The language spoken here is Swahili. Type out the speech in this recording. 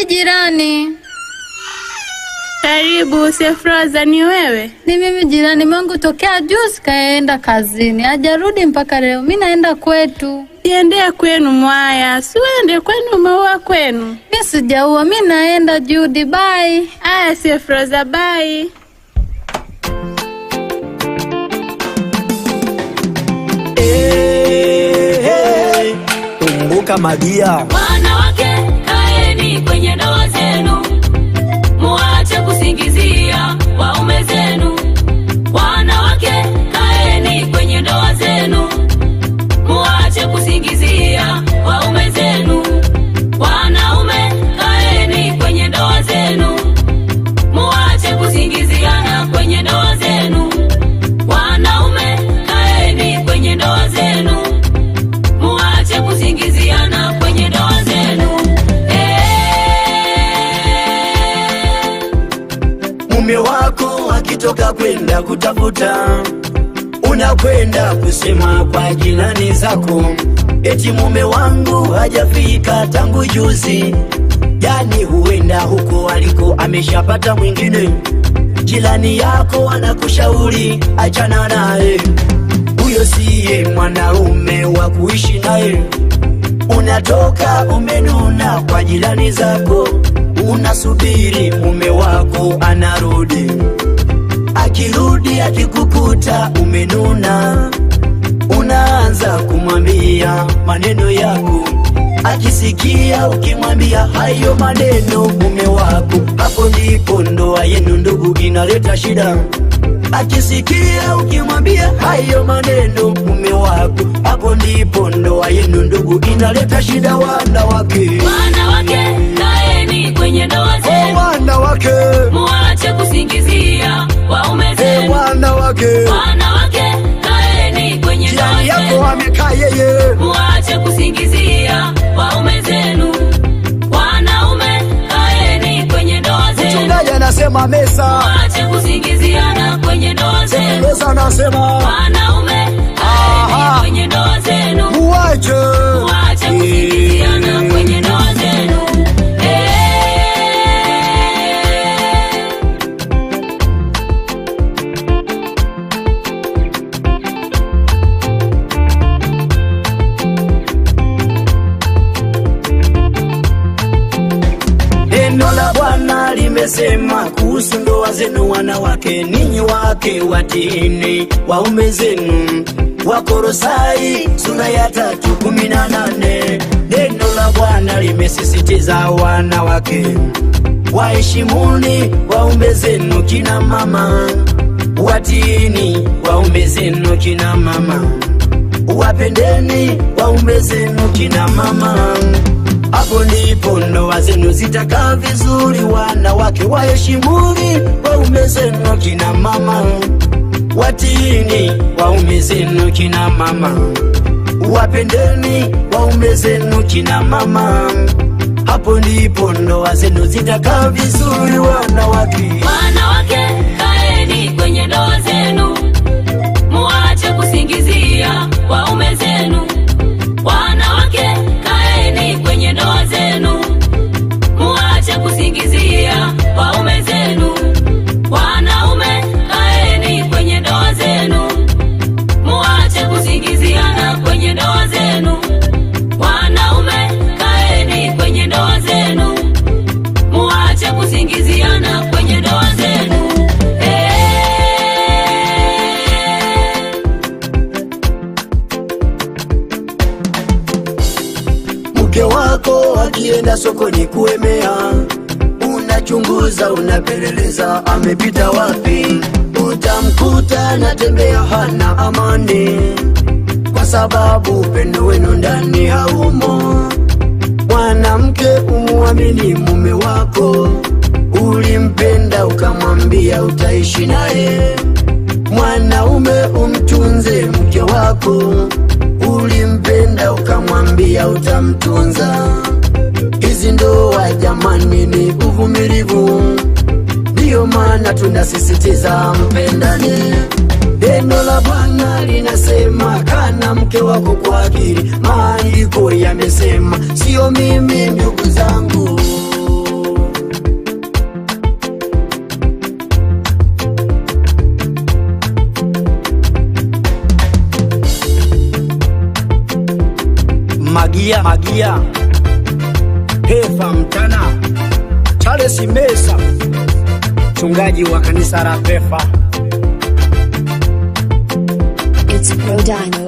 hadi jirani. Karibu Sefroza, ni wewe? Ni mimi jirani mwangu, tokea juzi kaenda kazini, hajarudi mpaka leo. Mi naenda kwetu. Jiendea kwenu mwaya, siwende kwenu, umeua kwenu. Mi sijaua, mi naenda Judi. Bai. Aya Sefroza, bai. Hey, hey, kumbuka Madia wanawake When you know. mume wako akitoka kwenda kutafuta, unakwenda kusema kwa jirani zako, eti mume wangu hajafika tangu juzi. Yani huenda huko aliko ameshapata mwingine. Jirani yako anakushauri achana naye, huyo siye mwanaume wa kuishi naye. Unatoka umenuna kwa jirani zako unasubiri mume wako anarudi, akirudi akikukuta umenuna, unaanza kumwambia maneno yako, akisikia ukimwambia hayo maneno mume wako, hapo ndipo ndoa yenu ndugu inaleta shida. Akisikia ukimwambia hayo maneno mume wako, hapo ndipo ndoa yenu ndugu inaleta shida, wanawake. wake, muache kusingizia waume ee zenu. Wanawake, wake, kaeni kwenye ndoa yako, amekaa yeye, muache kusingizia waume zenu. Wanaume, kaeni kwenye ndoa zenu. Mchungaji anasema mesa, muache kusingiziana kwenye ndoa zenu. Mesa anasema wanaume, kaeni kwenye ndoa zenu, muache kuhusu ndoa zenu, wanawake ninyi wake dini, waume zenu Wakorosai sura ya tatu kumi na nane. Neno la Bwana limesisitiza wanawake, waheshimuni waume zenu, kina mama watini waume zenu, kina mama wapendeni waume zenu, kina mama hapo ndipo ndoa zenu zitakaa vizuri, wanawake waheshimuni waume zenu, kina mama watini waume zenu, kina mama wapendeni waume zenu, kina mama. Hapo ndipo ndoa zenu zitakaa vizuri, wanawake ukienda sokoni kuemea, unachunguza unapeleleza, amepita wapi? Utamkuta natembea hana amani, kwa sababu upendo wenu ndani haumo. Mwanamke umuamini mume wako, ulimpenda ukamwambia utaishi naye. Mwanaume umtunze mke wako, ulimpenda ukamwambia utamtunza hizi ndoa jamani, ni uvumilivu, ndiyo maana tunasisitiza mpendane. Neno la Bwana linasema kana mke wako kwa akili, maandiko yamesema, sio mimi ndugu zangu. Magia, magia. Pefa Mtana Charles Mesa, mchungaji wa kanisa la Pefa. It's Prodino.